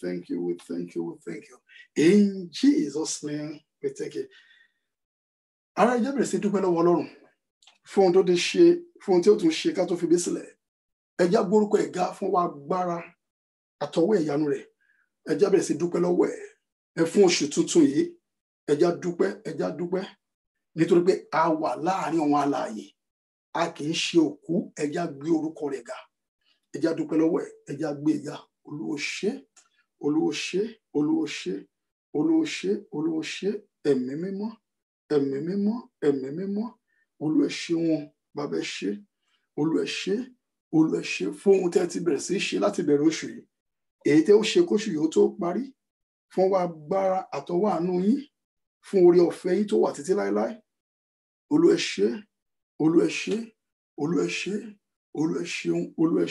thank you, we thank you, we thank you. In Jesus' name, we thank you. Ara ẹjẹ́ bẹ̀rẹ̀ sí dúpẹ́ lọ́wọ́ Ọlọ́run fún ohun tó ti ṣe fún ohun tí ó tún ṣe ká tó fi bí sílẹ̀. Ẹjẹ́ agbórúkọ ẹ̀gá fún wa agbára àtọwọ́ ìyanu rẹ̀. Ẹjẹ́ bẹ̀rẹ̀ sí dúpẹ́ lọ́wọ́ ẹ̀. Ẹ fún oṣù tuntun yìí. Ẹjẹ́ dúpẹ́ ẹjẹ́ dúpẹ́ nítorí pé a wà láàárín àwọn alààyè. A kì í ṣe òkú ẹjẹ́ gbé orúkọ rẹ̀ ga. Ẹjẹ́ dúpẹ́ lọ́wọ́ ẹ̀ ẹjẹ́ gbé ga olúwo ṣe é olúwo ṣe olúwo ṣe olúwo ṣe olúwo ṣe ẹ̀mí mímọ́ ẹ̀mí mímọ́ ẹ̀mí mímọ́ olúwa ṣe wọn bàbá ṣe olúwa ṣe olúwa ṣe fún ohun tẹ́ ti bẹ̀rẹ̀ sí ṣe láti bẹ̀rẹ̀ oṣù yìí èyí tẹ́ ó ṣe kóṣù yìí ó tó parí fún wa agbára àtọwọ́ àánú yín fún orí ọ̀fẹ́ yín tó wà títí láéláé olúwa ṣe olúwa ṣe olúwa ṣe olúwa ṣeun olúwa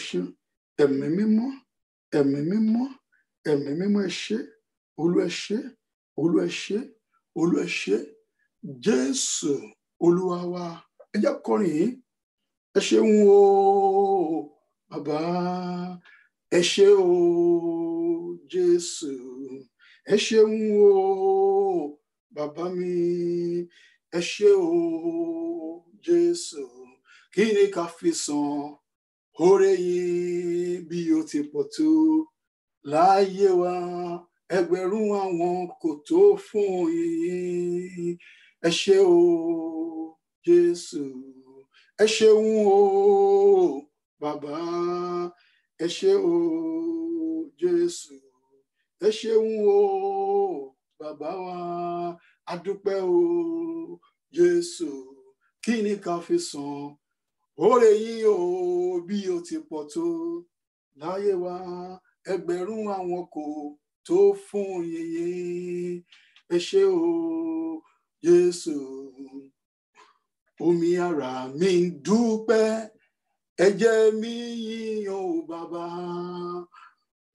ẹ̀mí mímọ́ ẹ ṣé olú ẹ ṣé olú ẹ ṣé olú ẹ ṣé jésù olúwa wa ẹ kọrin yìí ẹ ṣeun o bàbá ẹ ṣé o jésù ẹ ṣeun o bàbá mi ẹ ṣé o jésù kí ni ká fi san oore yìí bí o ti pọ̀ tó láàyè wa ẹgbẹ̀rún àwọn kò tó fún yín ẹ ṣé o Jésù ẹ ṣeun o bàbá ẹ ṣé o Jésù ẹ ṣeun o bàbá wa adúpẹ́ o Jésù kí ni ká fi san oore yín o bí o ti pọ̀ tó láyé wa ẹgbẹ̀rún àwọn kò tó fún yìnyín ẹ ṣé o Jésù omi ara mi ń dúpẹ́ ẹ̀jẹ̀ mi yíyan o bàbá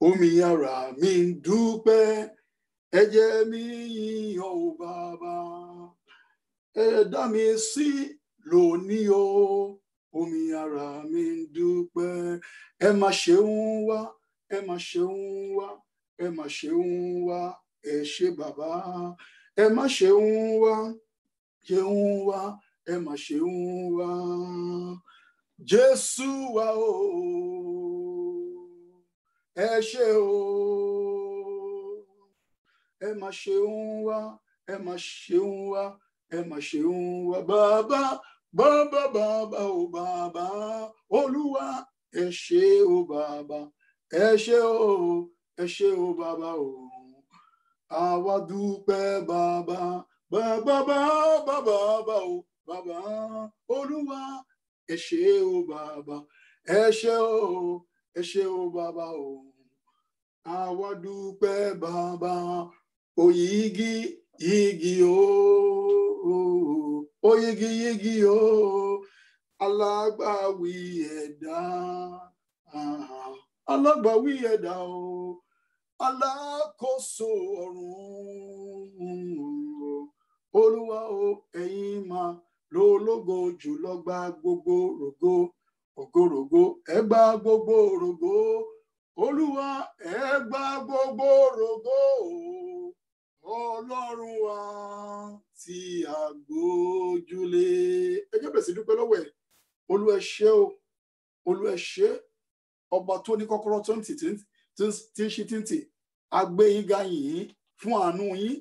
omi ara mi ń dúpẹ́ ẹ̀jẹ̀ mi yíyan o bàbá ẹ̀dá mi sí lónìí o omi ara mi ń dúpẹ́ ẹ má ṣeun wá ẹ mà ṣeun wá ẹ mà ṣeun wá ẹ ṣe bàbá ẹ má ṣeun wá ṣeun wá ẹ mà ṣeun wá jésù wá o ẹ ṣe o ẹ mà ṣeun wá ẹ mà ṣeun wá ẹ mà ṣeun wá bàbá bàbá bàbá o bàbá olúwa ẹ ṣe o bàbá ẹ ṣé o o bàbá o àwa dúpẹ́ bàbá bàbá bàbá bàbá o bàbá olúwa ẹ ṣé o bàbá ẹ ṣé o ẹ ṣé o bàbá o àwa dúpẹ́ bàbá oyigi igi o oyigi igi o alágbàwí ẹ̀dá alágbàwí ẹ̀dá o alákòóso ọ̀run olúwa o ẹ̀yin máa lo ológo jùlọ gba gbogbo rògo ògorogo ẹ gba gbogbo rògo olúwa ẹ gba gbogbo rògo ọlọ́run wa tí a gbójúlé ẹ jẹ́ dúpẹ́ lọ́wọ́ ẹ̀ olú ẹ ṣé o olú ẹ ṣé ọba tó ní kọ́kọ́rọ́ tó ń tì tí ń ṣí tí ń tì a gbé yín ga yìnyín fún àánú yín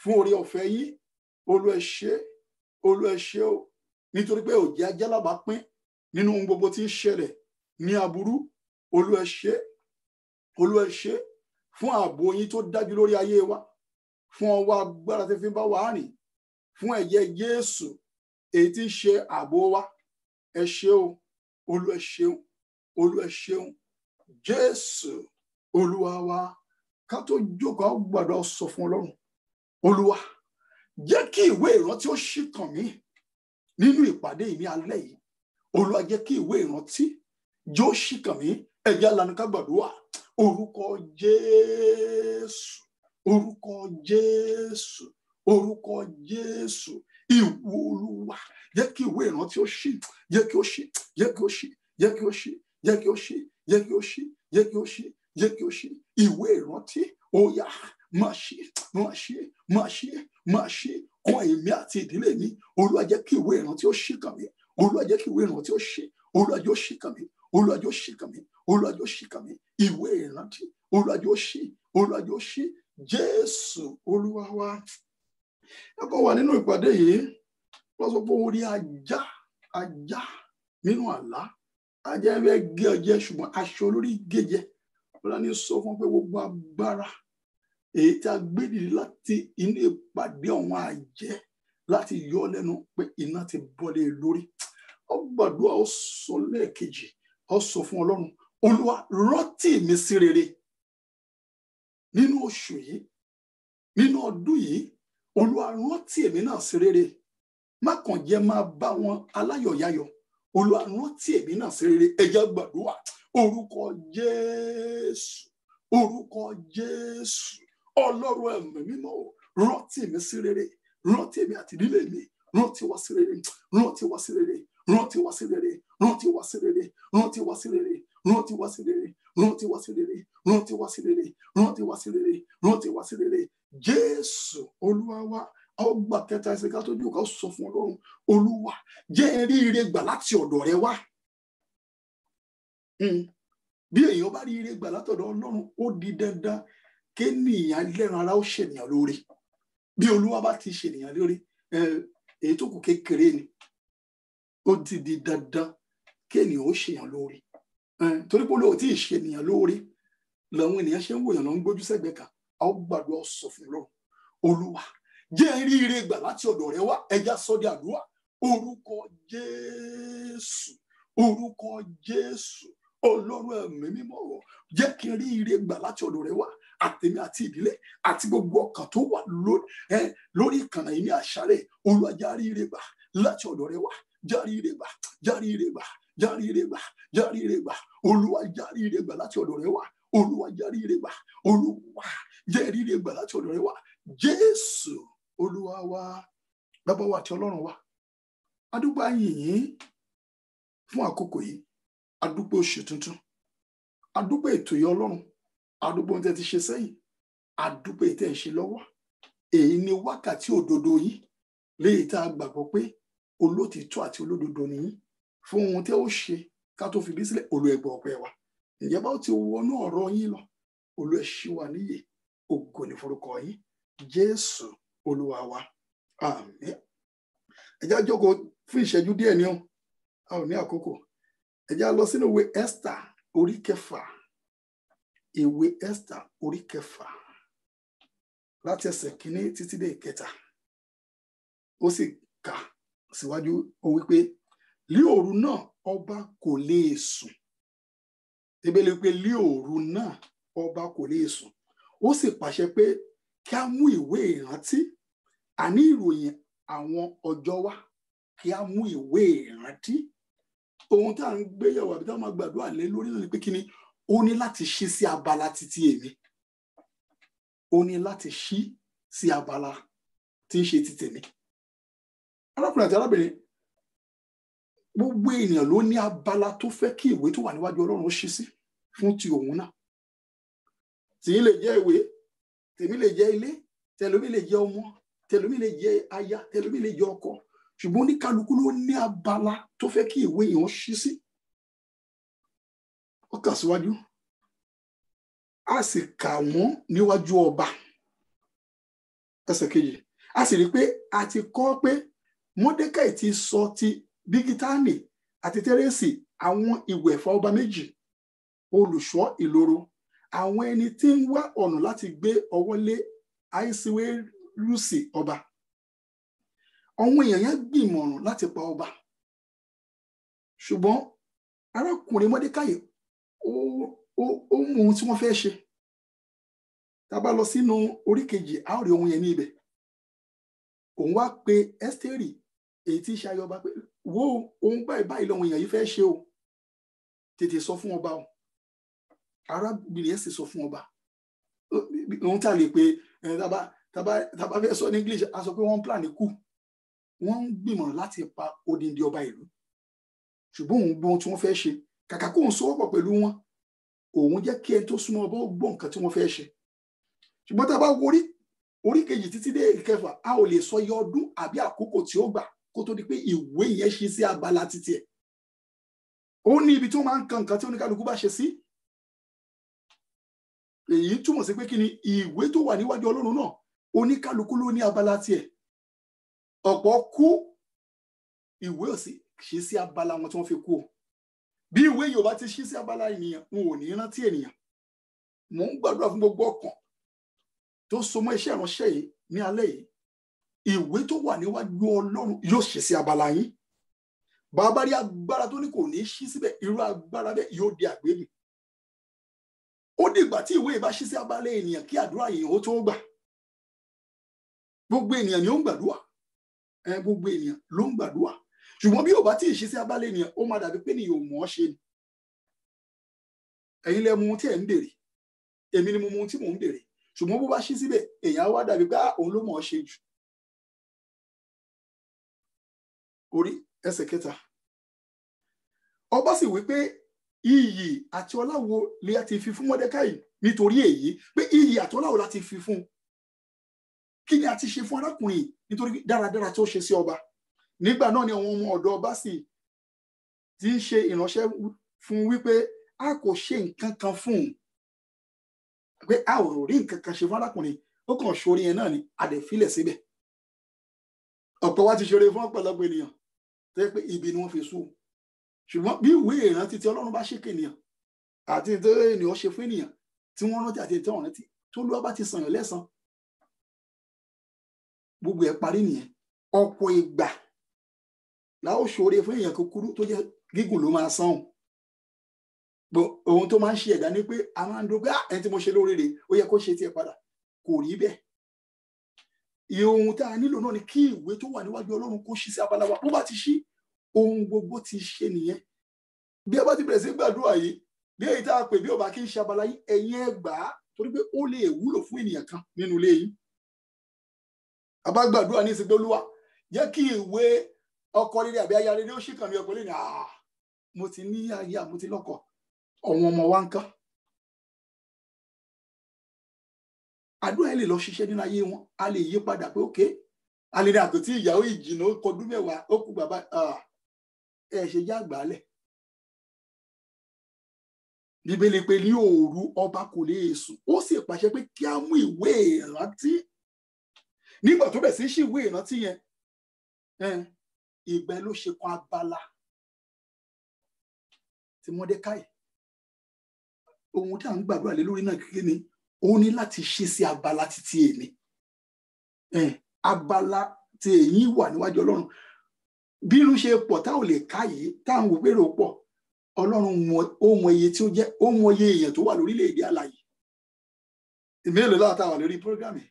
fún oore ọ̀fẹ́ yín olú ẹ ṣé olú ẹ ṣé o nítorí pé òjì ajálàbá pín nínú ohun gbogbo tí ń ṣẹlẹ̀ ní aburú olú ẹ fún ààbò yín tó dájú lórí ayé wa fún ọwọ́ agbára tí fi bá wa rìn fún ẹ̀jẹ̀ Jésù èyí tí ń ṣe ààbò wa ẹ o olú ẹ olúwa ṣeun jésù olúwa wa ká tó jókòó àwọn gbàdúrà sọ fún ọlọ́run olúwa jẹ́ kí ìwé ìrántí ó ṣì kàn mí nínú ìpàdé yìí ní alẹ́ yìí olúwa jẹ́ kí ìwé ìrántí jẹ́ ó ṣì kàn mí ẹ̀jẹ̀ alanu ká gbàdúrà orúkọ jésù orúkọ jésù orúkọ jésù ìwọ olúwa kí ìwé ìrántí ó ṣì jẹ́ kí ó ṣì jẹ́ kí ó ṣì jẹ́ kí ó ṣì jẹ́ kí ó ṣí jẹ́ kí ó ṣí jẹ́ kí ó ṣí jẹ́ kí ó ṣí ìwé ìrántí ó yá máa ṣí máa ṣí máa ṣí máa ṣí kún èmi àti ìdílé mi olúwa jẹ́ kí ìwé ìrántí ó ṣí kàn mí olúwa jẹ́ kí ìwé ìrántí ó ṣí olúwa jẹ́ ó ṣí kàn mí olúwa ó ṣí kàn mí olúwa ó ṣí kàn mí ìwé ìrántí olúwa ó ṣí olúwa ó ṣí jésù olúwa ẹ kọ́ wà nínú ìpàdé yìí lọ́sọ̀pọ̀ orí ajá ajá nínú àlá ajá ẹgbẹ́ gé ọjẹ́ ṣùgbọ́n aṣọ olórí gèjẹ ọlọ́ni sọ fún pé gbogbo agbára èyí tá a gbé dìde láti inú ìpàdé ọ̀hún àjẹ́ láti yọ ọ lẹ́nu pé iná ti bọ́lé e lórí ó gbàdúrà ó sọ lẹ́ẹ̀kejì ó sọ fún ọlọ́run olúwa rántí mi sí rere nínú oṣù yìí nínú ọdún yìí olúwa rántí èmi náà sí rere má kàn jẹ́ máa bá wọn aláyọ̀yáyọ̀ olúwa rántí èmi náà sí rere ẹ jẹ́ gbàdúrà orúkọ jésù orúkọ jésù ọlọ́run ẹ̀mí mímọ́ rántí mi sí rere rántí èmi àti ìdílé mi rántí wá sí rere rántí wá sí rere rántí wá sí rere rántí wá sí rere rántí wá sí rere rántí wá sí rere rántí wá sí rere rántí wá sí rere rántí wá sí rere rántí wá sí rere jésù olúwa wa a ó gbà kẹta ẹsẹ̀ ká tó dé òkà ó sọ fún ọlọ́run olúwa jẹ́ rí ire gbà láti ọ̀dọ̀ rẹ wá hmm. bí èèyàn bá rí ire gbà látọ̀dọ̀ ọlọ́run ó di dandan kéèyàn lẹ́ran ara ó ṣènìyàn lóore bí olúwa bá ti ṣènìyàn lóore èyí tó kù kékeré ni ó ti di dandan kéèyàn ó ṣèyàn lóore torí pé olóòtí ìṣènìyàn lóore làwọn ènìyàn ṣe ń wòyàn lọ ń gbójú sẹ́gbẹ̀ẹ́ kan a ó gbàdúrà sọ fún ọlọ́run olúwa jẹ́ rí ire gbà láti ọ̀dọ̀ rẹ wá ẹja sọ́dí àdúrà orúkọ jésù orúkọ jésù ọlọ́run ẹ̀mí mímọ́ rọ jẹ́ kí n rí ire gbà láti ọ̀dọ̀ rẹ wá àtẹ̀mí àti ìdílé àti gbogbo ọkàn tó wà lórí ìkànnì yìí ní àṣálẹ̀ olúwa járí gbà láti ọ̀dọ̀ rẹ wá járí ire gbà járí ire gbà járí ire gbà járí ire gbà olúwa járí gbà láti ọ̀dọ̀ rẹ wá olúwa járí gbà olúwa jẹ́ rí gbà láti ọ̀dọ̀ rẹ wá jésù olúwa wa bàbá wa àti ọlọ́run wa adúgbò ayìnyín fún àkókò yìí adúgbò oṣù tuntun adúgbò ètò yìí ọlọ́run adúgbò ohun tẹ́ ti ṣe sẹ́yìn adúgbò èyí tẹ́ ń ṣe lọ́wọ́ èyí ni wákàtí òdodo yìí léyìí tá a gbàgbọ́ pé olótìtọ́ àti olódodo nìyí fún ohun tẹ́ ó ṣe ká tó fi bí sílẹ̀ olú ẹgbẹ́ ọpẹ́ wa ǹjẹ́ bá ti wọnú ọ̀rọ̀ yín lọ olú ẹ̀ wa níyè ògo ní yín jésù olúwa wa àmín ẹjá jókòó fún ìṣẹ́jú díẹ̀ ni ó a ò ní àkókò ẹjá lọ sínú ìwé Esther orí kẹfà ìwé Esther orí kẹfà láti ẹsẹ̀ kínní títí dé ìkẹta ó sì kà síwájú ó wípé lí òru náà ọba kò lè sùn ebele wípé lí òru náà ọba kò lè sùn ó sì pàṣẹ pé kí a mú ìwé ìrántí àní ìròyìn àwọn ọjọ́ wa kí a mú ìwé ìrántí ohun tá à ń gbéyàwó àbí tá máa gbàdúrà lé lórí náà ni pé kí ni ó ní láti ṣí sí abala títí èmi ó ní láti ṣí sí abala tí ń ṣe ti tèmi arákùnrin àti arábìnrin gbogbo ènìyàn ló ní abala tó fẹ́ kí ìwé tó wà níwájú ọlọ́run ó ṣí sí fún ti òun náà tí ń lè jẹ́ ìwé tèmi lè jẹ́ ilé tẹlomi lè jẹ́ ọmọ tẹlomi lè jẹ́ aya tẹlomi lè jẹ́ ọkọ ṣùgbọ́n oníkálukú ló ní abala tó fẹ́ kí ìwé yẹn ṣí sí ó kà síwájú a sì kà wọ́n níwájú ọba ẹsẹ̀ kejì a sì rí i pé a ti kọ́ pé mọ́dékàì ti sọ ti bígítánì àti tẹ́rẹ́sì àwọn ìwẹ̀fà ọba méjì olùṣọ́ ìloro àwọn ẹni tí ń wá ọ̀nà láti gbé ọwọ́ lé àìsíwérúsì ọba àwọn èèyàn yẹn gbìmọ̀ràn láti pa ọba ṣùgbọ́n arákùnrin mọ́dékáyè ó ó mú ohun tí wọ́n fẹ́ ṣe tá a bá lọ sínú orí kejì a ó rí ohun yẹn ní ibẹ̀ òun wá pe ẹ́sítérì èyí tí ṣayọba pé wo ohun báyìí báyìí lọ́wọ́ èèyàn yìí fẹ́ ṣe o tètè sọ fún ọba o arábìnrin yẹn sì sọ fún ọba ohun tá a lè pe tàbá fẹ́ sọ ní english a sọ pé wọ́n plan kú wọ́n ń gbìmọ̀ láti pa odindi ọba ìlú ṣùgbọ́n òun gbọ́n tí wọ́n fẹ́ ṣe kàkà kó òun sọ́wọ́pọ̀ pẹ̀lú wọn òun jẹ́ kí ẹni tó súnmọ́ ọba ó gbọ́ nǹkan tí wọ́n fẹ́ ṣe ṣùgbọ́n tàbá orí orí kejì títí dé ìkẹfà a ò lè sọ iye ọdún àbí àkókò tí ó gbà kó tó di pé ìwé yẹn ṣe sí abala títí ẹ̀ ó ní ibi tí wọ́n máa ń kan nǹkan tí oníkálukú bá ṣe sí èyí túmọ̀ sí pé kí ni ìwé tó wà níwájú ọlọ́run náà oníkálukú ló ní abala tiẹ̀ ọ̀pọ̀ kú ìwé ò sì ṣí sí abala wọn tí wọ́n fi kú o bí ìwé yìí ò bá ti ṣí sí abala ènìyàn n ò ní rántí ènìyàn mò ń gbàdúrà fún gbogbo ọkàn tó so mọ́ iṣẹ́ ìránṣẹ́ yìí ní alẹ́ yìí ìwé tó wà níwájú ọlọ́run yóò ṣí sí abala yín bàbá rí agbára tó ní kò ní ṣí síbẹ̀ irú agbára bẹ́ẹ̀ yóò di àgbélé ó dìgbà tí ìwé ìbá ṣí sí abala ènìyàn kí àdúrà yìí ó tó gbà gbogbo ènìyàn ni ó ń gbàdúrà ẹ gbogbo ènìyàn ló ń gbàdúrà ṣùgbọ́n bí ò tí ì sí abala ènìyàn ó máa dàbí pé nìyẹn ò mọ̀ ọ́ ṣe ni ẹ̀yin lẹ mu ohun tí ẹ̀ ń bèrè èmi ni mo mu ohun tí mò ń bèrè ṣùgbọ́n bó bá ṣí síbẹ̀ èèyàn á wá dàbí pé ah, òun ló mọ̀ ọ́ ṣe jù orí ẹsẹ̀ kẹta ọba sì wí pé iyì àti ọláwo ni a ti fi fún mọ́dẹ́káì nítorí èyí pé iyì àti ọláwo la ti fi fún kí ni a ti ṣe fún arákùnrin nítorí dáradára tí ó ṣe sí ọba nígbà náà ni àwọn ọmọ ọ̀dọ̀ ọba sì ti ń ṣe ìránṣẹ́ fún wípé a kò ṣe nǹkan kan fún un pé a ò rí nǹkan kan ṣe fún arákùnrin ó kàn ṣorí yẹn náà ni àdẹ̀fílẹ̀ síbẹ̀ ọ̀pọ̀ wa ti ṣeré fún ọ̀pọ̀lọpọ̀ ènìyàn tó yẹ pé ibi ni wọ́n fi sùn ṣùgbọ́n bí ìwé ìrántí tí ọlọ́run bá ṣèké ènìyàn àti tí ènìyàn ṣe fún ènìyàn tí wọ́n rántí àti tí wọ́n rántí tó lúwa bá ti sànyàn lẹ́sàn gbogbo ẹ̀ parí nìyẹn ọ̀pọ̀ ìgbà láwọn ṣoore fún èèyàn kúkúrú tó jẹ́ gígùn ló máa san bọ ohun tó máa ń ṣe ẹ̀dá ni pé a máa ń dúró pé ah ẹni tí mo ṣe lóore ó yẹ kó ṣe tiẹ̀ padà kò rí bẹ́ẹ̀ ohun tá a nílò náà ni kí ìwé tó wà níwájú ọlọ́run kó ṣí sí abala wa bó bá ti ṣí ohun gbogbo ti ṣe nìyẹn bí ẹ bá ti bẹ̀rẹ̀ sí gbàdúrà yìí bí èyí tá a pè bí ọba kì í ṣe abala yín ẹ̀yin ẹ gbà á torí pé ó lè wúlò fún ènìyàn kan nínú ilé yín a bá gbàdúrà ní ìsìnkú olúwa jẹ́ kí ìwé ọkọ rere àbí aya rere ó ṣì kàn mí ọ̀pọ̀ lè ní àá mo ti ní aya mo ti lọ́kọ ọ̀wọ́n ọmọ wa ń kán àdúrà ẹ lè lọ ṣiṣẹ́ nínú ayé wọn a lè yí padà pé òkè a ní àpótí ìyàwó ìjìnà ó kọdún mẹ́wàá ó kú bàbá ẹ ṣe jágbálẹ̀ bíbélì pé ní òru ọba kò lè sùn ó sì pàṣẹ pé kí á mú ìwé ìrántí nígbà tó bẹ̀ sí sí ìwé ìrántí yẹn ìgbẹ́ ló ṣe kan abala ti Mọ́dékáì ohun tí à ń gbàdúrà lé lórí náà kékeré ni ó ní láti ṣe sí abala títí èmi abala tí èyí wà níwájú Ọlọ́run bí irú ṣe pọ̀ tá ò lè ká yìí tá à ń wòpérò pọ̀ ọlọ́run ó mọ iye tí ó jẹ́ ó mọ iye èèyàn tó wà lórílẹ̀‐èdè alàyè ìmélòó láta wà lórí programme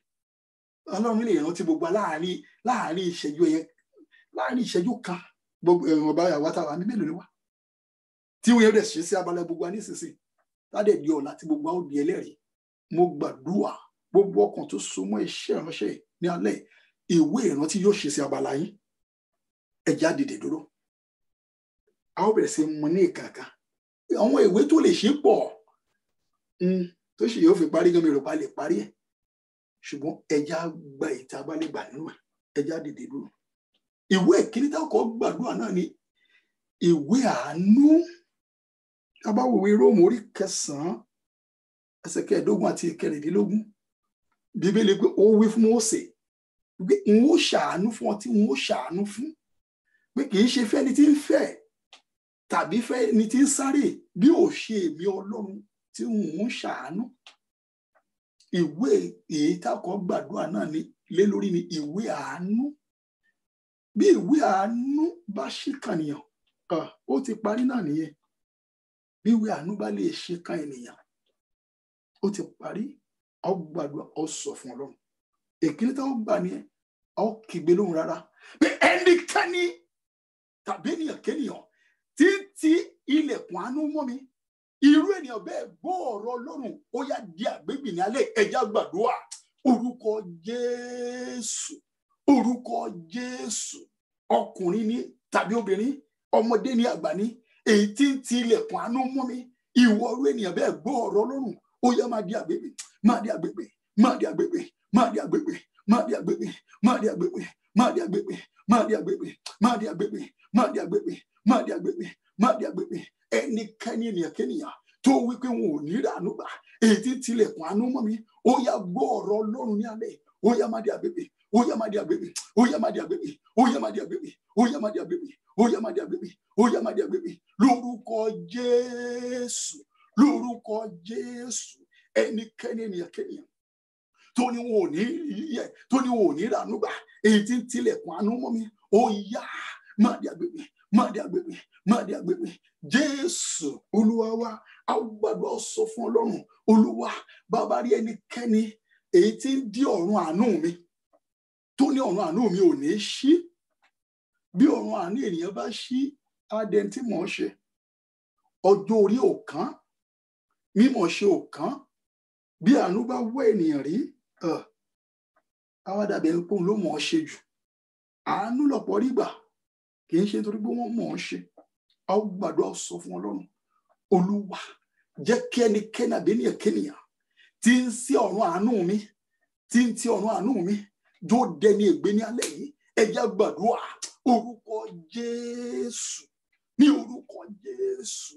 ọlọ́run lè rántí gbogbo láàrin láàrin ìṣẹ́jú ẹ̀yẹ láàrin ìṣẹ́jú kan gbogbo ẹ̀rùn ọba ìyàwó àtàwọn àmì mélòó ló wà tí wọ́n yẹn rẹ̀ ṣe sí abala gbogbo anísinsìn tádẹ̀ di ọ̀la tí gbogbo àwọn òbí ẹlẹ́rìí mo gbàdúrà gbogbo ọkàn tó so mọ́ iṣẹ́ ìránṣẹ́ ní alẹ́ ìwé ìrántí yóò ṣe sí abala yín ẹja dìde dúró a ó bẹ̀rẹ̀ sí mu ní ìkàkà àwọn ìwé tó lè ṣe pọ̀ hmm, tó ṣe yóò fi parí gan mi rò pa lè parí ẹ̀ ṣùgbọ́n ẹja gba ìta bá lè gbà nínú ẹ̀ ẹja dìde dúró ìwé ìkíní tá ọkọ̀ gbàdúrà náà ni ìwé àánú tá bá wo ìwé róòmù orí kẹsàn-án ẹsẹ̀ kẹẹ̀ẹ́dógún àti kẹrìndínlógún bíbélì pé ó wí fún Mósè pé n ó ṣàánú fún ọ tí ó ṣàánú fún pé kì í ṣe ni tí ń fẹ́ tàbí ni tí ń sáré bí ò ṣe èmi ọlọ́run tí ń ṣàánú ìwé èyí tákọ̀ gbàdúrà náà ní lé lórí ni ìwé àánú bí ìwé àánú bá ṣìkànìyàn ah, ó ti parí náà nìyẹn bí ìwé àánú bá lè ṣìkàn ènìyàn ó ti parí ọ gbàdúrà ọ sọ fún ọlọ́run èkìlẹ táwọn gbà ní ẹ ọ kìgbe lóhùn rárá pé ẹnikẹ́ni tàbí ènìyàn kéèyàn títí ilẹ̀kùn àánú mọ́ mi irú ènìyàn bẹ́ẹ̀ gbọ́ ọ̀rọ̀ ọlọ́run ó yá di àgbégbìn ní alẹ́ ẹ̀já gbàdúrà orúkọ jésù orúkọ jésù ọkùnrin ni tàbí obìnrin ọmọdé ni àgbà ni èyí tí ń ti ilẹ̀kùn àánú mọ́ mi ìwọ orú ènìyàn bẹ́ẹ̀ gbọ́ ọ̀rọ̀ ọlọ́run ó yá máa di àgbégbìn máa di àgbégbìn máa di àgbégbìn máa di àgbégbìn máa di àgbégbìn máa di àgbégbìn máa di àgbégbìn máa di agbègbè máa di agbègbè máa di agbègbè máa di agbègbè máa di agbègbè ẹnikẹ́ni ènìyàn kéèyàn tó wí pé wọn ò ní ìrànú gbà èyí tí tilẹ̀kùn àánú mọ́ mi ó yá gbọ́ ọ̀rọ̀ ọlọ́run ní alẹ́ ó yá máa di agbègbè ó yá máa di agbègbè ó yá máa di agbègbè ó yá máa di agbègbè ó yá máa di agbègbè ó yá máa di agbègbè ó yá máa di agbègbè lórúkọ Jésù lórúkọ Jésù ẹnikẹ́ni ènìyàn kéèyàn tó ní wọn ò ní yẹ tó ní wọn ò ní rànú gbà èyí tí ń tilẹ̀kùn àánú mọ́ mi ó yá máa di agbègbè máa di agbègbè máa di agbègbè jésù olúwa wa a gbàdúrà sọ fún ọlọ́run olúwa bàbá rí ẹnikẹ́ni èyí tí ń dí ọ̀run àánú mi tó ní ọ̀run àánú mi ò ní ṣí bí ọ̀run àánú ènìyàn bá ṣí adẹ́ntì mọ̀ ṣe ọjọ́ orí ò kán mímọ̀ ṣe ò kán bí àánú bá wọ ènìyàn rí káwá dàbí ẹni pé òun ló mọ̀ ọ́ ṣe jù àánú lọ̀pọ̀ rí gbà kì í ṣe nítorí pé wọ́n mọ̀ ọ́ ṣe a ó gbàdúrà sọ fún ọlọ́run olúwa jẹ́ kí ẹnikẹ́ni àbẹ́nìyàn kẹ́nìyàn tí ń sí ọ̀run àánú mi tí ń ti ọ̀run àánú mi yóò dẹni ègbé ní alẹ́ yìí ẹja gbàdúrà orúkọ jésù ní orúkọ jésù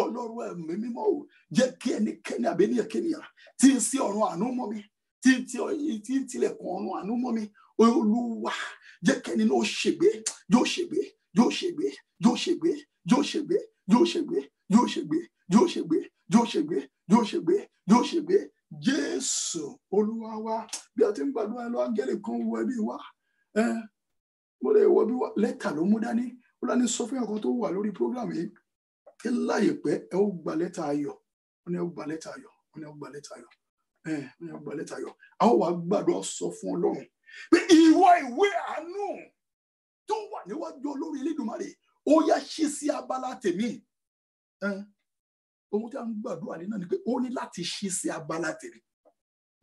ọlọ́run ẹ̀mí mímọ́ o jẹ́ kí ẹnikẹ́ni àbẹ́nìyàn kẹ́nìyàn tí ń sí ọ̀run àánú mọ́ mi tí ń tilẹ̀ kan ọ̀run àánú mọ́ mi olúwa jẹ́ kẹ́ni náà ó ṣègbé yóò ṣègbé yóò ṣègbé yóò ṣègbé yóò ṣègbé yóò ṣègbé yóò ṣègbé yóò ṣègbé yóò ṣègbé yóò ṣègbé yóò ṣègbé jésù olúwa wa bí a ti ń gbàdúrà lọ áńgẹ́lì kan wọ ẹbí wa mo lè wọ bí wa lẹ́tà ló mú dání ó lọ ní sọfún ẹ̀kan tó wà lórí program yìí kí láyè pẹ́ ẹ ó gba lẹ́tà ayọ̀ ó ní ẹ ó gba lẹ́tà ayọ̀ ó ní ẹ ó gba lẹ́tà ayọ̀ ẹ ẹ gba lẹ́tà yọ a ó wàá gbàdúrà sọ fún ọlọ́run pé ìwọ ìwé àánú tó wà níwájú olórí elédùnmarè ó yá ṣí sí abala tèmi eh, ohun tí a ń gbàdúrà ní náà ni pé ó ní láti ṣí sí abala tèmi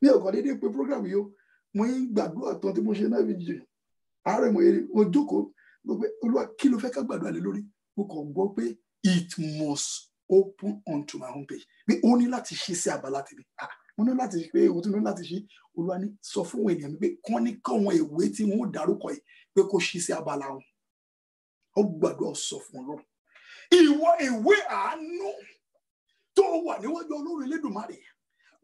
mi ò kàn déédéé pé program yìí ó mo ń gbàdúrà tán tí mo ṣe náà fi jìn ààrẹ mo eré mo jókòó mo pé olúwa kí ló fẹ́ ká gbàdúrà lé lórí mo kàn gbọ́ pé it must open onto my own page pé ó ní láti ṣí sí abala tèmi ah wọ́n ní láti pé òun tún ní láti ṣe olúwa ní sọ fún òun ènìyàn pé kán ní káwọn ìwé tí wọ́n dárúkọ yìí pé kó ṣí sí abala wọn ó gbàdúrà sọ fún un lọ́rùn ìwọ ìwé àánú tó wà níwájú Ọlọ́run Elédùmarè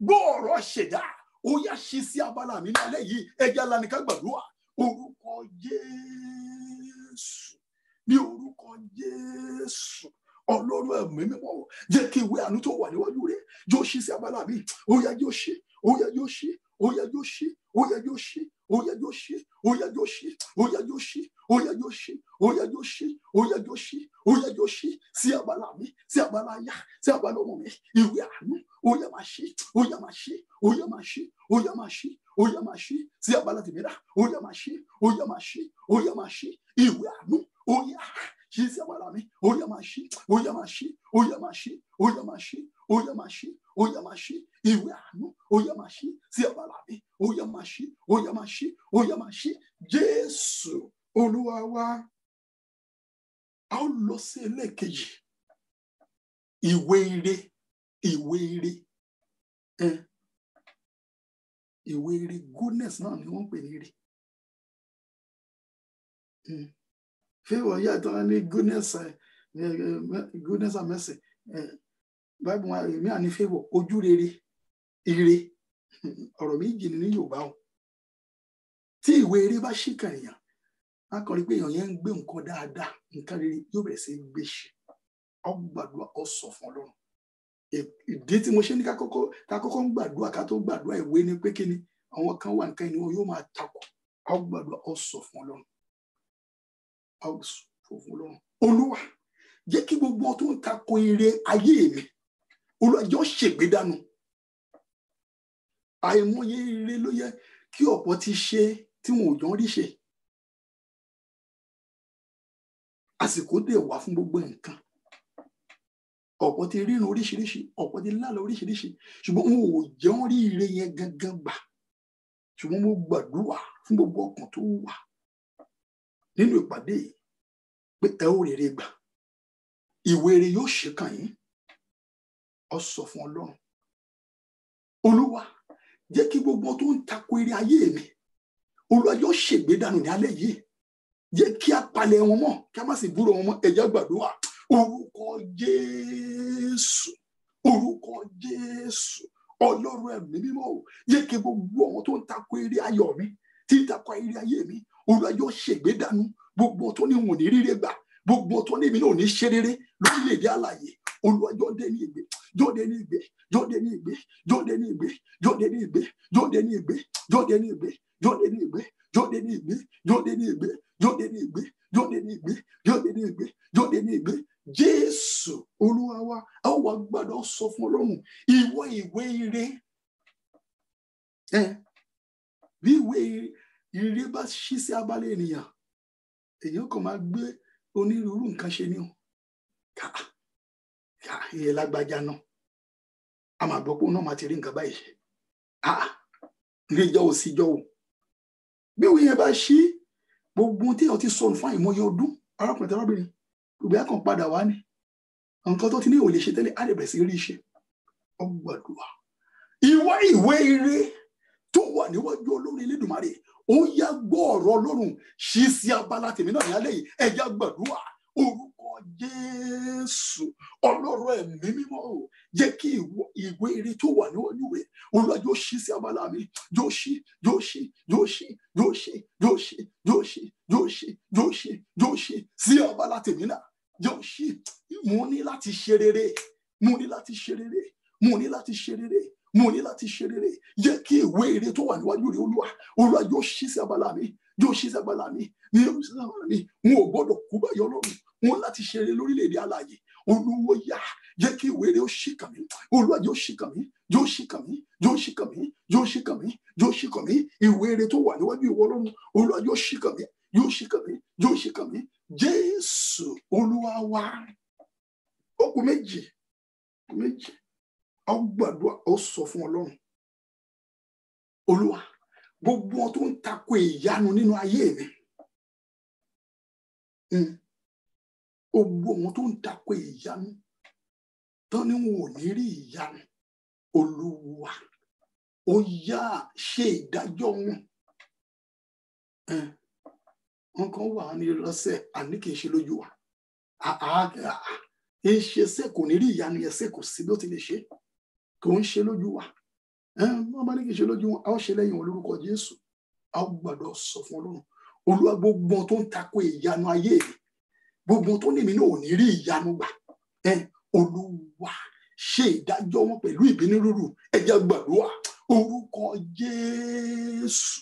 gbọ́ ọ̀rọ̀ ṣẹ̀dá ó yá ṣí sí abala mi lálẹ́ yìí ẹja lanika gbàdúrà orúkọ Jésù ní orúkọ Jésù ọlọ́run ẹ̀mí mímọ́ jẹ́ kí ìwé àánú tó wà níwájú rẹ̀ yóò ṣí sí abala mi ó yẹ yóò ṣí ó yẹ yóò ṣí ó yẹ yóò ṣí ó yẹ yóò ṣí ó yẹ yóò ṣí ó yẹ yóò ṣí ó yẹ yóò ṣí ó yẹ yóò ṣí ó yẹ yóò ṣí ó yẹ yóò ṣí ó yẹ yóò ṣí sí abala mi sí abala aya sí abala ọmọ mi ìwé àánú ó yẹ máa ṣí ó yẹ máa ṣí ó yẹ máa ṣí ó yẹ máa ṣí ó yẹ máa ṣí sí abala tèmi ó yẹ máa ṣí ó yẹ máa ṣí ó yẹ máa ṣí ìwé àánú ó yẹ jésù agbára mi ó yá máa ṣe ó yá máa ṣe ó yá máa ṣe ó yá máa ṣe ó yá máa ṣe ó yá máa ṣe ìwé àánú ó yá máa ṣe sí agbára mi ó yá máa ṣe ó yá máa ṣe ó yá máa ṣe jésù olúwa wa a ó lọ sí ẹlẹ́ẹ̀kejì ìwé ire ìwé ire ìwé ire goodness náà ni wọ́n ń pè ní ire. Mm. Favor, yeah, don't need goodness, uh, goodness and mercy. Bible wa èmi àní favor ojú rere ire ọ̀rọ̀ méjì ni ní Yorùbá o. Tí ìwé eré bá ṣìkàn èèyàn, a kàn rí pé èèyàn yẹn ń gbé nǹkan dáadáa, nǹkan rere yóò bẹ̀rẹ̀ sí gbé ṣe. Ọ gbàdúrà ọ sọ fún Ọlọ́run. Ìdí tí mo ṣe ní ká kọ́kọ́ ń gbàdúrà ká tó gbàdúrà ìwé ni pé kí ni àwọn kan wà nǹkan ìníwọ̀n yóò máa takò. Ọ gbàdúrà ọ sọ fún Ọlọ́run a ó sọ fún ọlọ́run olúwa jẹ́ kí gbogbo tó ń tako ire ayé mi olúwa jọ̀ọ́ ṣègbè dànù àìmọye ire ló yẹ kí ọ̀pọ̀ ti ṣe tí wọn ò jọ ń rí ṣe àsìkò dè wá fún gbogbo nǹkan ọ̀pọ̀ ti ríran oríṣiríṣi ọ̀pọ̀ ti lálẹ́ oríṣiríṣi ṣùgbọ́n wọn ò jẹun rí ire yẹn gangan gbà ṣùgbọ́n mo gbàdúrà fún gbogbo ọkàn tó wà nínú ìpàdé yìí pé ẹ ó rere gbà ìwéere yóò ṣe kàn yín ọ sọ fún Ọlọ́run Olúwa jẹ́ kí gbogbo tó ń tako eré ayé mi Olúwa yóò ṣègbè dànù ní alẹ́ yìí jẹ́ kí a palẹ̀ wọn mọ́ kí a má sì búrò wọn mọ́ ẹjẹ gbàdúrà orúkọ Jésù orúkọ Jésù Ọlọ́run ẹ̀mí mímọ́ o jẹ́ kí gbogbo àwọn tó ń tako eré ayọ̀ mi tí ń tako eré ayé mi olúwa yóò ṣègbè dànù gbogbo tó ní wọn ò ní ríre gbà gbogbo tó ní mi náà ò ní ṣe rere lórílẹ̀‐èdè àlàyé olúwa yóò dé ní ìgbé yóò dé ní ìgbé yóò dé ní ìgbé yóò dé ní ìgbé yóò dé ní ìgbé yóò dé ní ìgbé yóò dé ní ìgbé yóò dé ní ìgbé yóò dé ní ìgbé yóò dé ní ìgbé yóò dé ní ìgbé yóò dé ní ìgbé yóò dé ní ìgbé yóò dé ní ìgbé jésù olúwa wa a ó wá gbọ́dọ̀ sọ fún ọlọ́run ìwọ ìwé ire ẹ bí ìwé ire ìrírí bá ṣí sí abala ènìyàn èèyàn kò máa gbé onírúurú nǹkan ṣe ní o ká ká ìyẹn lágbájá náà a máa gbọ́ pé òun náà máa ti rí nǹkan báyìí a níjọ́ ò síjọ́ ò bí òun yẹn bá ṣí gbogbo tí ó ti sọnù fún àìmọye ọdún arákùnrin tẹ́lọ́bìnrin gbogbo ẹ̀ kàn padà wá ní nǹkan tó ti ní ò lè ṣe tẹ́lẹ̀ á lè bẹ̀rẹ̀ sí rí ṣe ọgbàdùà ìwé ìwé ire wà níwájú olórí elédùnmarè ó yá gbọ́ ọ̀rọ̀ ọlọ́run ṣí sí abala tèmi náà ní alẹ́ yìí ẹ̀já gbàdúrà orúkọ jésù ọlọ́rọ̀ ẹ̀mí mímọ́ o jẹ́ kí ìwé eré tó wà níwájú rẹ̀ olúwa yóò ṣí sí abala mi yóò ṣí yóò ṣí yóò ṣí yóò ṣí yóò ṣí yóò ṣí yóò ṣí yóò ṣí yóò ṣí sí abala tèmi náà yóò ṣí mo ní láti ṣe rere mo ní láti ṣe rere mo ní láti ṣe rere mo ní láti ṣe rere yẹ kí ìwé èrè tó wà níwájú rẹ olúwa olúwa yóò ṣí sí abala mi yóò ṣí sí abala mi ní yóò ṣí sí abala mi n ò gbọdọ̀ kú báyọ lọrùn wọn láti ṣe rere lórílẹ̀-èdè alààyè olúwo yá yẹ kí ìwé rẹ ó ṣí kàn mí olúwa yóò ṣí kàn mí yóò ṣí kàn mí yóò ṣí kàn mí yóò ṣí kàn mí yóò ṣí kàn mí ìwé rẹ tó wà níwájú ìwọ lọrùn olúwa yóò ṣí kàn mí yóò ṣí kàn mí yóò ṣí kàn mí jésù olúwa wá ó méjì méjì ọ gbàdúrà ọ sọ fún ọlọ́run olúwa gbogbo wọn tó ń takò ìyanu nínú ayé mi hmm. gbogbo wọn tó ń takò ìyanu tán ni wọn ò ní rí ìyanu olúwa ó yá ṣe ìdájọ́ wọn hmm. wọn kàn wà ní lọ́sẹ̀ àní kì í ṣe lójú wa ń ṣe sẹ́kù ní rí ìyanu yẹn sẹ́kù sí bí ó ti lè ṣe kò ń ṣe lójú wa wọ́n bá ní kí n ṣe lójú wọn a ó ṣe lẹ́yìn wọn lórúkọ Jésù a ó gbàdọ̀ sọ fún Ọlọ́run Olúwa gbogbo tó ń tako ìyanu ayé mi gbogbo tó ní mi náà ò ní rí ìyanu gbà Olúwa ṣe ìdájọ́ wọn pẹ̀lú ìbínú rúru ẹ jẹ́ gbàdúrà orúkọ Jésù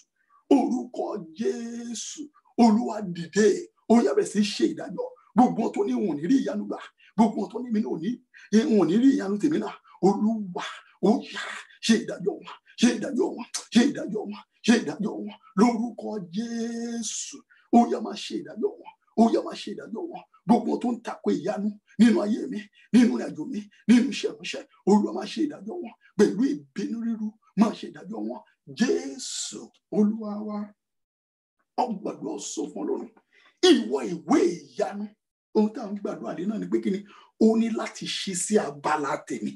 orúkọ Jésù Olúwa dìde ó yá bẹ̀rẹ̀ sí ṣe ìdájọ́ gbogbo tó ní wọn ò ní rí ìyanu gbà gbogbo tó ní mi náà ò ní rí ìyanu tèmi náà olúwa Oya, yá ṣe ìdájọ́ wọn ṣe ìdájọ́ wọn ṣe ìdájọ́ wọn ṣe ìdájọ́ wọn lórúkọ jésù ó yá máa ṣe ìdájọ́ wọn ó yá máa ṣe ìdájọ́ wọn gbogbo tó ń tako ìyanu nínú ayé mi nínú ìrìnàjò mi nínú iṣẹ́ ìránṣẹ́ olúwa máa ṣe ìdájọ́ wọn pẹ̀lú ìbínú ríru máa ṣe ìdájọ́ wọn jésù olúwa wa ọgbàdo sọ fún ọlọ́run ìwọ ìwé ìyanu ohun tá à ń gbàdúrà lé náà ni pé kí ni ní láti ṣí sí abala tèmi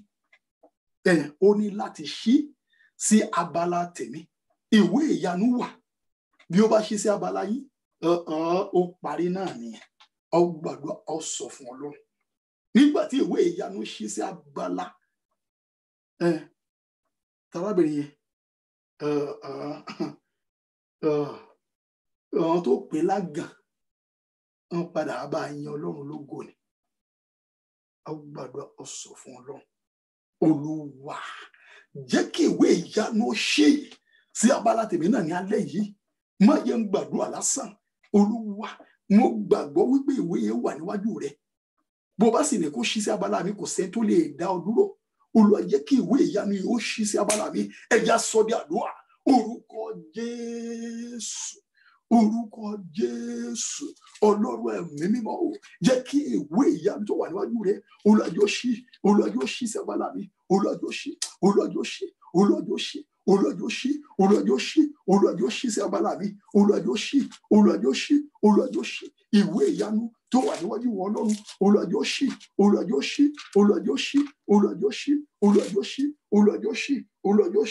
ẹ̀ o ní láti ṣí sí abala tèmi ìwé ìyanu wà bí ó bá ṣí sí abala yìí o uh-uh, parí náà nìyẹn ó gbàdúrà ó sọ fún Ọlọ́run nígbà tí ìwé ìyanu ṣí sí abala eh, tarábìnrin yẹn uh, uh, uh, àwọn tó pè lágàn wọn padà bá yan Ọlọ́run lógo ni ó gbàdúrà ó sọ fún Ọlọ́run olúwa jẹ́ kí ìwé ìyanu ṣe sí abala tèmi náà ní alẹ́ yìí má yẹ ń gbàdúrà lásán olúwa mo gbàgbọ́ wípé ìwé yẹn wà níwájú rẹ bó bá sì ní kó ṣí sí abala mi kò sẹ́ni tó lè dá ọ dúró olúwa jẹ́ kí ìwé ìyanu yìí ó ṣí sí abala mi ẹja sọ di àdúrà orúkọ jésù orúkọ jésù ọlọ́run ẹ̀mí mímọ́ o jẹ́ kí ìwé ìyanu tó wà níwájú rẹ olùwàjò ṣí olùwàjò ṣí sẹ́gbàlá mi olùwàjò ṣí olùwàjò ṣí olùwàjò ṣí olùwàjò ṣí olùwàjò ṣí olùwàjò ṣí sẹ́gbàlá mi olùwàjò ṣí olùwàjò ṣí olùwàjò ṣí ìwé ìyanu tó wà níwájú wọn ọlọ́run olùwàjò ṣí olùwàjò ṣí olùwàjò ṣí olùwàjò ṣí olùwàjò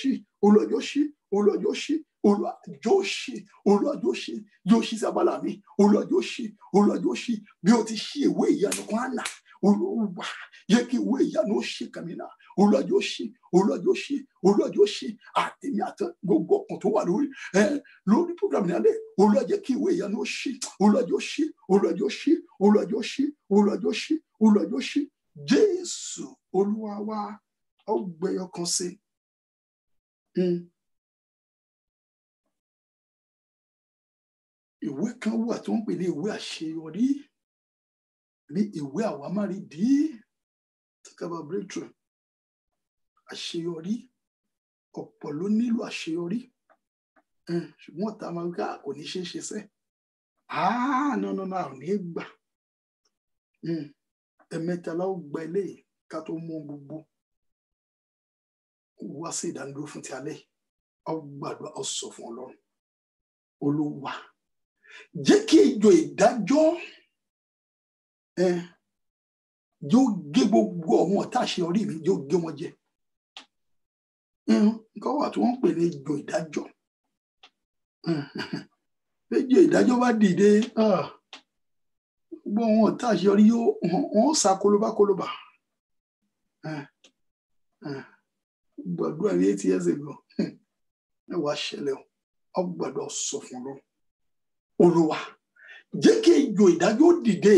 ṣí olùwàjò Olúwa yóò ṣe Olúwa yóò ṣe Olúwa yóò mi Olúwa yóò ṣe Olúwa yóò ṣe bí o ti ṣí ìwé ìyanu kan àná Olúwa yẹ kí ìwé ìyanu ó ṣe kàmínà Olúwa yóò ṣe Olúwa àtẹ gbogbo ọkàn tó wà lórí ẹ lórí program ní alẹ́ Olúwa jẹ́ kí ìwé ìyanu ó ṣe Olúwa yóò ṣe Olúwa yóò ṣe Olúwa yóò ṣe Olúwa yóò Jésù Olúwa wa ó sí ìwé kan wà tó ń pè ní ìwé àṣeyọrí ní ìwé àwámáridì takaba breakthrough àṣeyọrí ọ̀pọ̀ ló nílò àṣeyọrí ṣùgbọ́n ọ̀tá máa ń ká kò ní ṣeé ṣe sẹ́ nánà ò gbà ẹ̀mẹ́ta la gba eléyìí ká tó mú gbogbo wá sí ìdánidúró fún ti alẹ́ ọ gbàdúrà fún Ọlọ́run Olúwa jẹ́ kí ìjọ ìdájọ́ ẹ yóò gé gbogbo ọmọ ọ̀tá àṣeyọrí mi yóò gé wọn jẹ nǹkan wà tí wọ́n ń pè ní ìjọ ìdájọ́ ìjọ ìdájọ́ bá dìde gbogbo àwọn ọ̀tá àṣeyọrí yóò wọ́n sá kolobákolobá gbàdúrà ní eighty years ago ẹ wàá ṣẹlẹ̀ ọ gbàdúrà sọ fún Ọlọ́run olúwa jẹ́ kí ejò ìdájọ́ dìde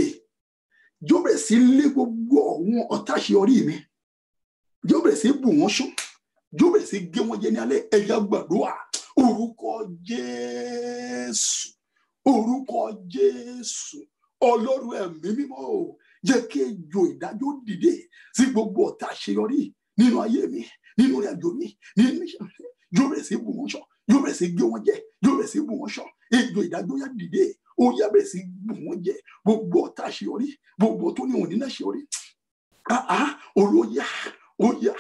jọ̀ọ́ bẹ̀rẹ̀ sí lé gbogbo àwọn ọ̀tá ṣe orí mi jọ̀ọ́ bẹ̀rẹ̀ sí bù wọ́n ṣó jọ̀ọ́ bẹ̀rẹ̀ sí gé wọ́n jẹ ní alẹ́ ẹ̀yà gbàdúrà orúkọ jésù orúkọ jésù ọlọ́run ẹ̀mí mímọ́ o jẹ́ kí ejò ìdájọ́ dìde sí gbogbo ọ̀tá ṣe orí nínú ayé mi nínú ìrìnàjò mi nínú ìṣẹ̀lẹ̀ jọ̀ọ́ bẹ̀rẹ̀ sí bù wọ́n ṣó yóò bẹ̀rẹ̀ sí gé wọn jẹ yóò bẹ̀rẹ̀ sí bù wọn ṣọ èjò ìdágbóyà dìde ó yá bẹ̀rẹ̀ sí bù wọn jẹ gbogbo ọ̀tá ṣe orí gbogbo tó ní òní náà ṣe orí olóyà olóyà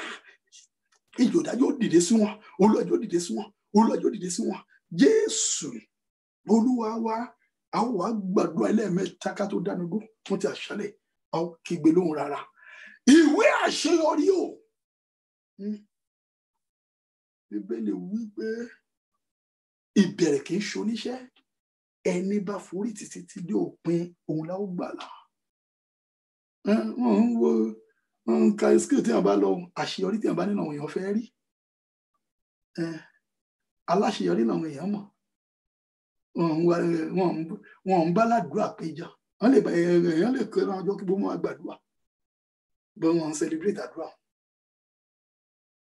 èjò ìdájọ́ dìde sí wọn olóyàjọ́ dìde sí wọn olóyàjọ́ dìde sí wọn jésù olúwa wa a ó wá gbàdúrà ẹlẹ́ẹ̀mẹ́ta ká tó dánu dún fún ti àṣálẹ̀ a ó kígbe lóhùn rárá ìwé àṣeyọrí o hmm. bíbélì wí ìbẹ̀rẹ̀ kì í ṣoníṣẹ́ ẹni bá forí títí tí dé òpin òun la gbàlà wọ́n ń wo nǹkan skill tí wọ́n bá lọ àṣeyọrí tí wọ́n bá nínú àwọn èèyàn fẹ́ rí aláṣeyọrí làwọn èèyàn mọ̀ wọ́n ń bá ládùúrà péjọ wọ́n lè èèyàn lè kọ́ ẹran ọjọ́ kí gbogbo wọn gbàdúrà bí wọ́n ń celebrate àdúrà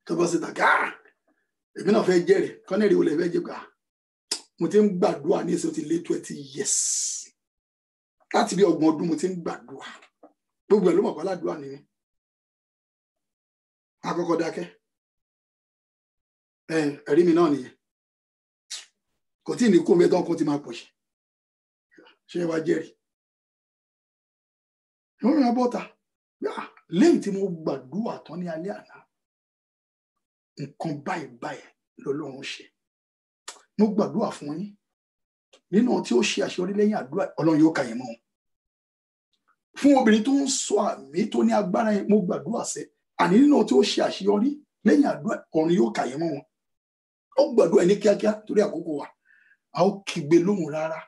tọ́bọ̀ sí ta gáà èmi náà fẹ́ jẹ́rìí kọ́nẹ́rì olè fẹ́ jẹ́ gbàá mo ti ń gbàdúrà ní èsì ó ti lé twenty years láti bí ọgbọ̀n ọdún mo ti ń gbàdúrà gbogbo ẹ̀ ló mọ̀ pé aládùúrà nínú àkọ́kọ́ dákẹ́ ẹ̀rí mi náà nìyẹn kò tí ì ní kó mi tán kó ti máa pọ̀ ṣe ṣé wàá jẹ́rìí ìwọ́n rìn abọ́ta lẹ́yìn tí mo gbàdúrà tán ní alẹ́ àná nǹkan báyìí báyìí lọ́lọ́run ṣe mo gbàdúrà fún yín nínú tí ó ṣe àṣeyọrí lẹ́yìn àdúrà ọlọ́run yóò kà yín mọ́ fún obìnrin tó ń sọ àmì tó ní agbára yẹn mo gbàdúrà sẹ àní nínú tí ó ṣe àṣeyọrí lẹ́yìn àdúrà ọ̀run yóò kà yín mọ́ wọn ó gbàdúrà ní kíákíá torí àkókò wa a ó kígbe lóhùn rárá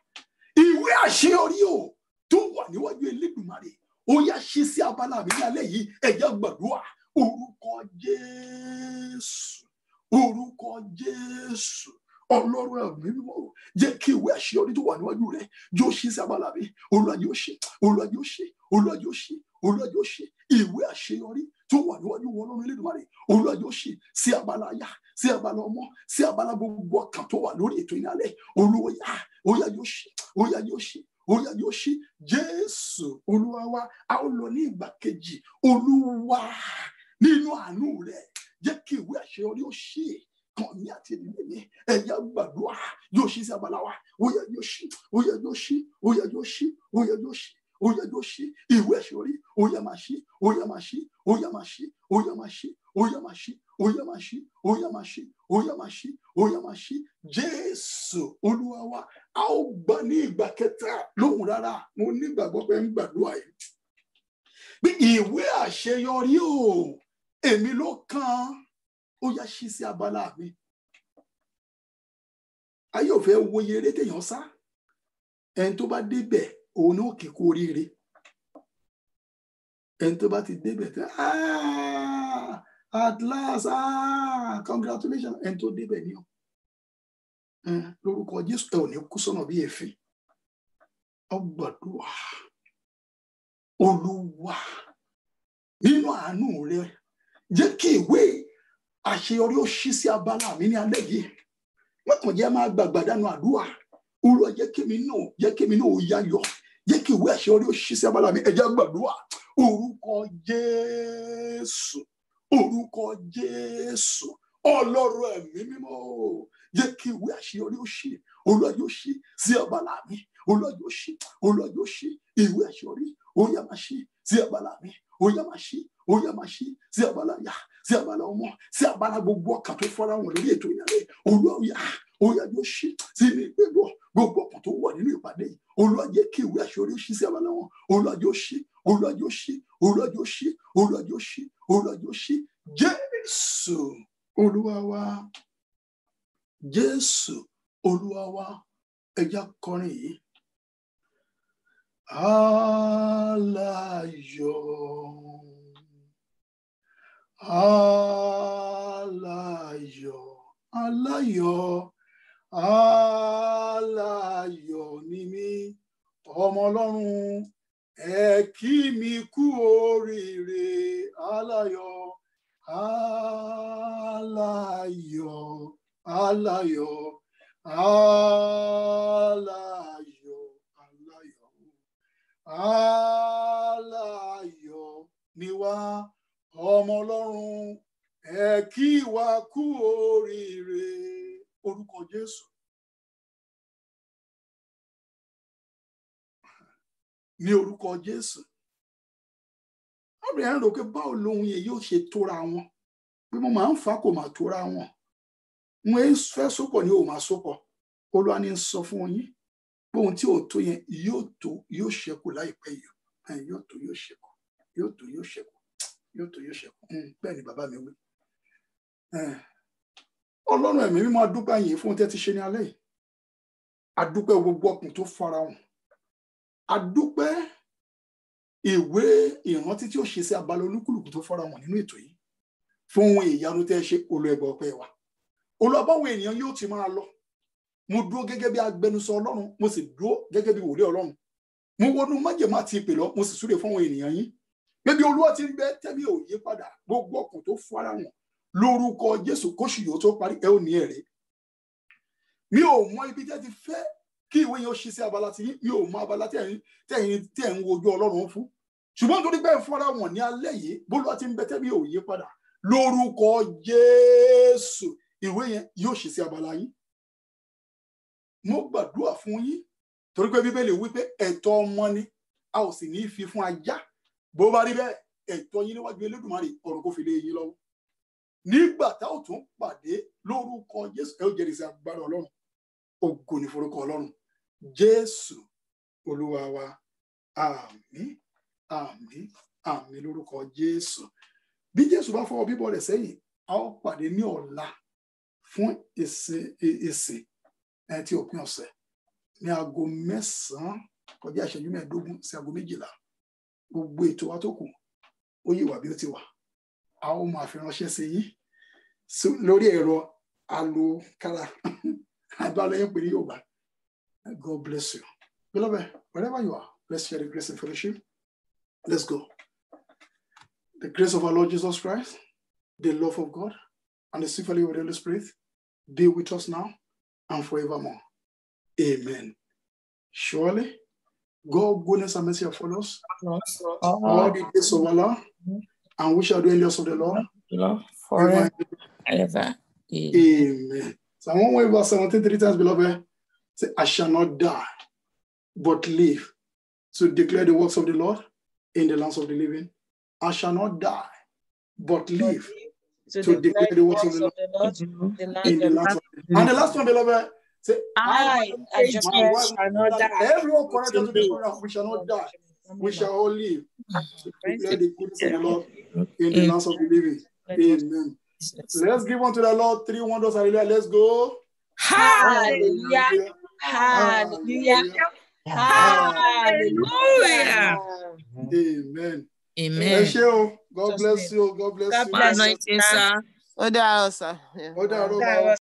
ìwé àṣeyọrí o tó wà níwájú Elédùmarè ó yá ṣí sí abala mi ní alẹ́ yìí ẹ jẹ́ gbàdúrà orúkọ Jésù orúkọ Jésù ọlọ́run ẹ̀mí mímọ́ jẹ́ kí ìwé àṣeyọrí tó wà níwájú rẹ̀ yóò ṣe sí abala mi olúwa yóò ṣe olúwa yóò ṣe olúwa yóò ṣe olúwa yóò ṣe ìwé àṣeyọrí tó wà níwájú wọn lọ́run Elédùmarè olúwa yóò ṣe sí abala aya sí abala ọmọ sí abala gbogbo ọkàn tó wà lórí ètò ìyálẹ̀ olúwa yá ṣe olúwa ṣe olúwa ṣe jésù olúwa wa a ní ìgbà kàn mí àti ìdílé mi ẹ̀yà gbàdúrà yóò ṣí sí abala wa ó yẹ yóò ṣí ó yẹ yóò ṣí ó yẹ yóò ṣí ó yẹ yóò ṣí ó yẹ yóò ṣí ìwé ẹ̀ṣẹ̀ orí ó yẹ máa ṣí ó yẹ máa ṣí ó yẹ máa ṣí ó yẹ máa ṣí ó máa ṣí ó máa ṣí ó máa ṣí ó máa ṣí ó máa ṣí jésù olúwa a ó gbà ní ìgbà kẹta lóhùn rárá mo nígbàgbọ́ pé ń gbàdúrà yìí bí ìwé àṣeyọrí o èmi ló kàn ó yá ṣí sí abala mi ayé ò fẹ́ wo iye eré téèyàn sá ẹni tó bá débẹ̀ òun ni ó kú oríire ẹni tó bá ti débẹ̀ tẹ́ ah, at last ah, congratulations ẹni tó débẹ̀ ni ọ lórúkọ Jésù ẹ ò ní kú sọ́nà bí èéfín ọgbàdúrà Olúwa nínú àánú rẹ jẹ́ kí ìwé àṣeyọrí ó ṣí sí abala mi ní alẹ́ yìí mọ́kàn jẹ́ máa gbàgbà dànù àdúrà òwúrọ̀ jẹ́ kémi náà jẹ́ kémi náà ó yáyọ jẹ́ kí ìwé àṣeyọrí ó ṣí sí abala mi ẹ̀jẹ̀ gbàdúrà orúkọ Jésù orúkọ Jésù ọlọ́run ẹ̀mí mímọ́ jẹ́ kí ìwé àṣeyọrí ó ṣí Olúwa yóò ṣí sí abala mi Olúwa yóò ṣí Olúwa yóò ṣí ìwé àṣeyọrí ó yá máa ṣí sí abala mi ó yá máa ṣí ó machi máa ṣe sí abala yá sí abala ọmọ sí abala gbogbo ọkàn tó fọ́ra wọn lórí ètò ìyàlẹ́ olúwa ó yá ó yá yóò ṣe sí ilé ìgbẹ́gbọ́ gbogbo ọkàn tó wà nínú ìpàdé yìí olúwa jẹ́ kí ìwé àṣírí ó ṣí sí abala wọn olúwa jẹ́ ó ṣí olúwa jẹ́ ó ṣí olúwa jẹ́ jésù olúwa jésù olúwa ẹja kọrin yìí aláyọ̀ aláyọ̀ aláyọ̀ aláyọ̀ ni mi ọmọ ọlọ́run ẹ kí mi kú oríire aláyọ̀ aláyọ̀ aláyọ̀ aláyọ̀ aláyọ̀ aláyọ̀ ni wá. ọmọ ọlọ́run ẹ kí wa kú oríire orúkọ jésù. ní orúkọ jésù ọ̀rẹ́ ẹ̀ ń rò pé báwo lòun yẹn yóò ṣe tóra wọn pé mo máa ń fa kò máa tóra wọn mo ń fẹ́ sọ́pọ̀ ni ò máa sọ́pọ̀ olúwa ni sọ fún yín pé ohun tí ò tó yẹn yóò tó yóò ṣẹ́kù láìpẹ́ yìí yóò tó yóò ṣẹ́kù yóò tó yóò ṣẹ́kù. yóò tó yóò ṣẹkùn hmm, bẹ́ẹ̀ ni bàbá mi wí hmm. ọlọ́run ẹ̀mí mímọ́ adúpẹ́ yìí fún tẹ́tí ṣe ní alẹ́ yìí adúpẹ́ gbogbo ọkùn tó farahàn adúpẹ́ ìwé ìrántí tí ó ṣe sí abalẹ̀ olúkúlùkù tó farahàn nínú ètò yìí fún ohun ìyanu tẹ́ ṣe olú ẹgbẹ́ ọpẹ́ wa olùbáwọn ènìyàn yóò ti máa lọ mo dúró gẹ́gẹ́ bí agbẹnusọ ọlọ́run mo sì dúró gẹ́gẹ́ bí wòlé ọlọ́run mo wọnú májèmá àti ìpè lọ mo sì súre fún àwọn ènìyàn yín bébí olúwa ti ń bẹ tẹ́bí ò yí padà gbogbo ọkàn tó fún ara wọn lórúkọ jésù kóṣù yóò tó parí ẹ ò ní èrè mi ò mọ ibi tẹ́ ti fẹ́ kí ìwé yẹn ó ṣí sí abala tí mi ò mọ abala tẹ̀yìn tẹ̀yìn wojú ọlọ́run fún ṣùgbọ́n torí bẹ́ẹ̀ fún ara wọn ní alẹ́ yìí bólúwa ti ń bẹ tẹ́bí ò yí padà lórúkọ jésù ìwé yẹn yóò ṣí sí abala yín mo gbàdúrà fún yín torí pé bíbélì wípé ẹ̀tọ́ ọmọ ni a ò sì ní í fi fún ajá bó bá rí bẹ́ẹ̀ ẹ̀tọ́ yín níwájú Elédùmarè ọ̀run kò fi lé yín lọ́wọ́ nígbà tá ò tún pàdé lórúkọ Jésù ẹ ó jẹ́rìí sí agbára Ọlọ́run ògo ní forúkọ Ọlọ́run Jésù Olúwa wa àmín àmín àmín lórúkọ Jésù bí Jésù bá fọwọ́ bíbọ̀ rẹ̀ sẹ́yìn a ó pàdé ní ọ̀la fún ìsìn ẹ ti òpin ọ̀sẹ̀ ní aago mẹ́sàn-án kọjá ìṣẹ́jú mẹ́ẹ̀ẹ́dógún sí aago méjìlá. gbogbo ètò wa tó kù ó yìí wà bí ó ti wà a ó máa fi ránṣẹ́ sí yín lórí ẹ̀rọ alùkára àgbàlẹ́yìn pé ní Yorùbá God bless you beloved wherever you are bless us share the grace and fellowship let's go the grace of our Lord Jesus Christ the love of God and the sweet of the Holy Spirit be with us now and forevermore amen surely. God, goodness and mercy are us. All ah. the days of Allah, mm-hmm. and we shall do in the of the Lord. forever Amen. So I want to about 73 times, beloved. Say, I shall not die, but live to declare the works of the Lord in the lands of the living. I shall not die, but live to, declare, the works of the Lord, of the Lord mm-hmm. in the lands of the living. And the last one, beloved, Say, I, I, I shall not die. Everyone connected to the program, we shall not die. We shall all live. Declare the good the Lord in the lands of the living. Amen. Let's give unto the Lord three wonders. Hallelujah. Let's go. Hallelujah. Hallelujah. Hallelujah. Amen. Amen. God bless you. God bless you. God bless you. Sir. Oda, sir. Oda,